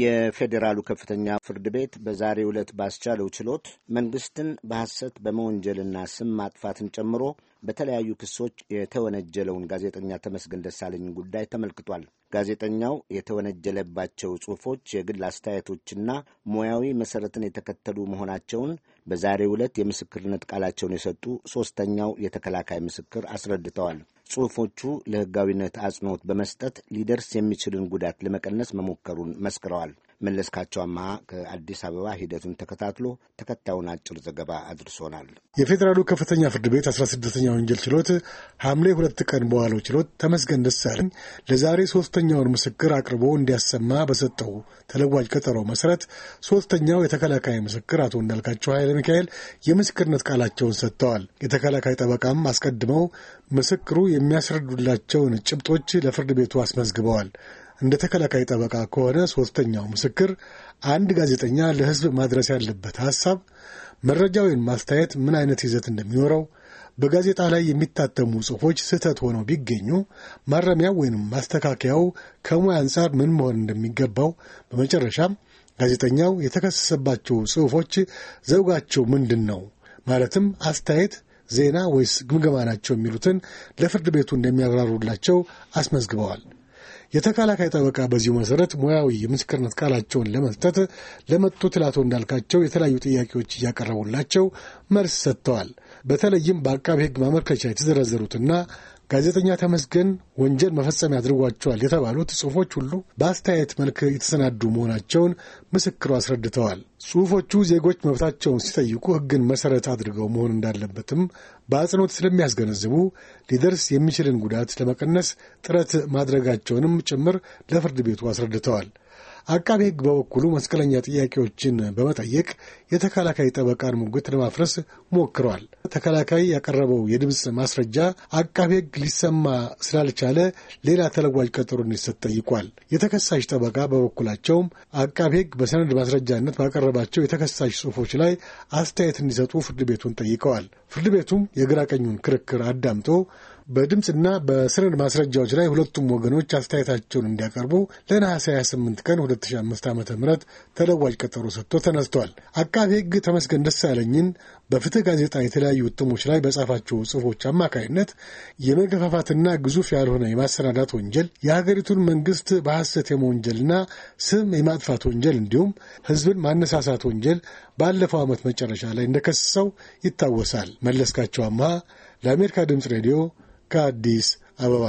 የፌዴራሉ ከፍተኛ ፍርድ ቤት በዛሬ ዕለት ባስቻለው ችሎት መንግስትን በሐሰት በመወንጀልና ስም ማጥፋትን ጨምሮ በተለያዩ ክሶች የተወነጀለውን ጋዜጠኛ ተመስገን ደሳለኝን ጉዳይ ተመልክቷል። ጋዜጠኛው የተወነጀለባቸው ጽሑፎች የግል አስተያየቶችና ሙያዊ መሠረትን የተከተሉ መሆናቸውን በዛሬው ዕለት የምስክርነት ቃላቸውን የሰጡ ሦስተኛው የተከላካይ ምስክር አስረድተዋል። ጽሑፎቹ ለሕጋዊነት አጽንኦት በመስጠት ሊደርስ የሚችልን ጉዳት ለመቀነስ መሞከሩን መስክረዋል። መለስካቸው ከአዲስ አበባ ሂደቱን ተከታትሎ ተከታዩን አጭር ዘገባ አድርሶናል። የፌዴራሉ ከፍተኛ ፍርድ ቤት አስራ ስድስተኛ ወንጀል ችሎት ሐምሌ ሁለት ቀን በዋለው ችሎት ተመስገን ደሳለኝ ለዛሬ ሶስተኛውን ምስክር አቅርቦ እንዲያሰማ በሰጠው ተለዋጭ ቀጠሮ መሰረት ሶስተኛው የተከላካይ ምስክር አቶ እንዳልካቸው ኃይለ ሚካኤል የምስክርነት ቃላቸውን ሰጥተዋል። የተከላካይ ጠበቃም አስቀድመው ምስክሩ የሚያስረዱላቸውን ጭብጦች ለፍርድ ቤቱ አስመዝግበዋል። እንደ ተከላካይ ጠበቃ ከሆነ ሦስተኛው ምስክር አንድ ጋዜጠኛ ለሕዝብ ማድረስ ያለበት ሐሳብ መረጃ ወይም ማስተያየት ምን አይነት ይዘት እንደሚኖረው በጋዜጣ ላይ የሚታተሙ ጽሑፎች ስህተት ሆነው ቢገኙ ማረሚያው ወይም ማስተካከያው ከሙያ አንጻር ምን መሆን እንደሚገባው፣ በመጨረሻም ጋዜጠኛው የተከሰሰባቸው ጽሑፎች ዘውጋቸው ምንድን ነው ማለትም አስተያየት፣ ዜና ወይስ ግምገማ ናቸው የሚሉትን ለፍርድ ቤቱ እንደሚያብራሩላቸው አስመዝግበዋል። የተከላካይ ጠበቃ በዚሁ መሰረት ሙያዊ የምስክርነት ቃላቸውን ለመስጠት ለመጡት ለአቶ እንዳልካቸው የተለያዩ ጥያቄዎች እያቀረቡላቸው መልስ ሰጥተዋል። በተለይም በአቃቤ ሕግ ማመልከቻ የተዘረዘሩትና ጋዜጠኛ ተመስገን ወንጀል መፈጸሚያ አድርጓቸዋል የተባሉት ጽሁፎች ሁሉ በአስተያየት መልክ የተሰናዱ መሆናቸውን ምስክሩ አስረድተዋል። ጽሁፎቹ ዜጎች መብታቸውን ሲጠይቁ ሕግን መሠረት አድርገው መሆን እንዳለበትም በአጽንኦት ስለሚያስገነዝቡ ሊደርስ የሚችልን ጉዳት ለመቀነስ ጥረት ማድረጋቸውንም ጭምር ለፍርድ ቤቱ አስረድተዋል። አቃቤ ሕግ በበኩሉ መስቀለኛ ጥያቄዎችን በመጠየቅ የተከላካይ ጠበቃን ሙግት ለማፍረስ ሞክሯል። ተከላካይ ያቀረበው የድምፅ ማስረጃ አቃቤ ሕግ ሊሰማ ስላልቻለ ሌላ ተለጓጅ ቀጠሮ እንዲሰጥ ጠይቋል። የተከሳሽ ጠበቃ በበኩላቸውም አቃቤ ሕግ በሰነድ ማስረጃነት ባቀረባቸው የተከሳሽ ጽሑፎች ላይ አስተያየት እንዲሰጡ ፍርድ ቤቱን ጠይቀዋል። ፍርድ ቤቱም የግራ ቀኙን ክርክር አዳምጦ በድምፅና በሰነድ ማስረጃዎች ላይ ሁለቱም ወገኖች አስተያየታቸውን እንዲያቀርቡ ለነሐሴ 28 ቀን 2005 ዓ ም ተለዋጭ ቀጠሮ ሰጥቶ ተነስቷል። አቃቤ ሕግ ተመስገን ደሳለኝን በፍትህ ጋዜጣ የተለያዩ እትሞች ላይ በጻፋቸው ጽሑፎች አማካይነት የመገፋፋትና ግዙፍ ያልሆነ የማሰናዳት ወንጀል የሀገሪቱን መንግስት በሐሰት የመወንጀልና ስም የማጥፋት ወንጀል እንዲሁም ህዝብን ማነሳሳት ወንጀል ባለፈው ዓመት መጨረሻ ላይ እንደከሰሰው ይታወሳል። መለስካቸው አምሃ ለአሜሪካ ድምፅ ሬዲዮ ከአዲስ አበባ